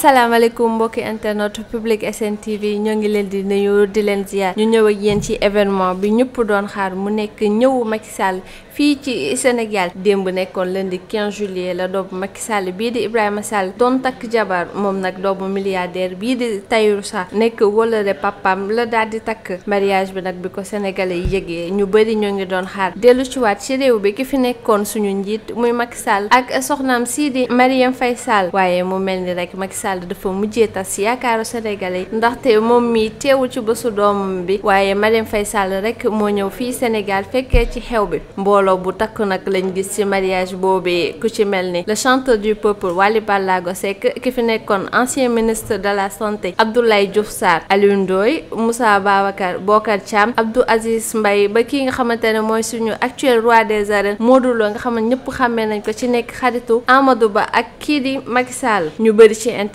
asalaamaaleykum mbokki internet public SN TV ñoo ngi leen di nuyu di leen ziar ñu ñëw ak yéen ci événement bi ñëpp doon xaar mu nekk ñëw mag Sall fii ci Sénégal démb nekkoon lundi 15 juillet la doomu Macky Sall bii di Ibrahima Sall doon takk jabar moom nag doomu milliardaire bii di Tahirou Sarr nekk wóllare papam la daal di takk mariage bi nag bi ko sénégal yi yëgee ñu bëri ñoo ngi doon xaar dellu ci waat ci réew bi ki fi nekkoon suñu njiit muy mag Sall ak soxnaam sii di Marième Faye Sall waaye mu mel rek Macky Sall dafa mujjee tas yaakaaru sénégalais ndaxte moom mi teewul ci bésu doomam bi waaye Marième Faye Sall rek moo ñëw fii Sénégal fekkee ci xew bi mbooloo bu takk nag lañ gis ci mariage boobee ku ci mel ni le chanteur du peuple Waly Ballago Seck ki fi nekkoon ancien ministre de la santé Abdoulaye Diouf Sarr musa Ndoye Moussa Babacar Bokar Thiam Abdou Aziz Mbaye ba ki nga xamante ne mooy suñu actuel roi des arènes Modou Lo nga xam ne ñëpp xàmmee nañ ko ci nekk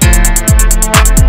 Thank you.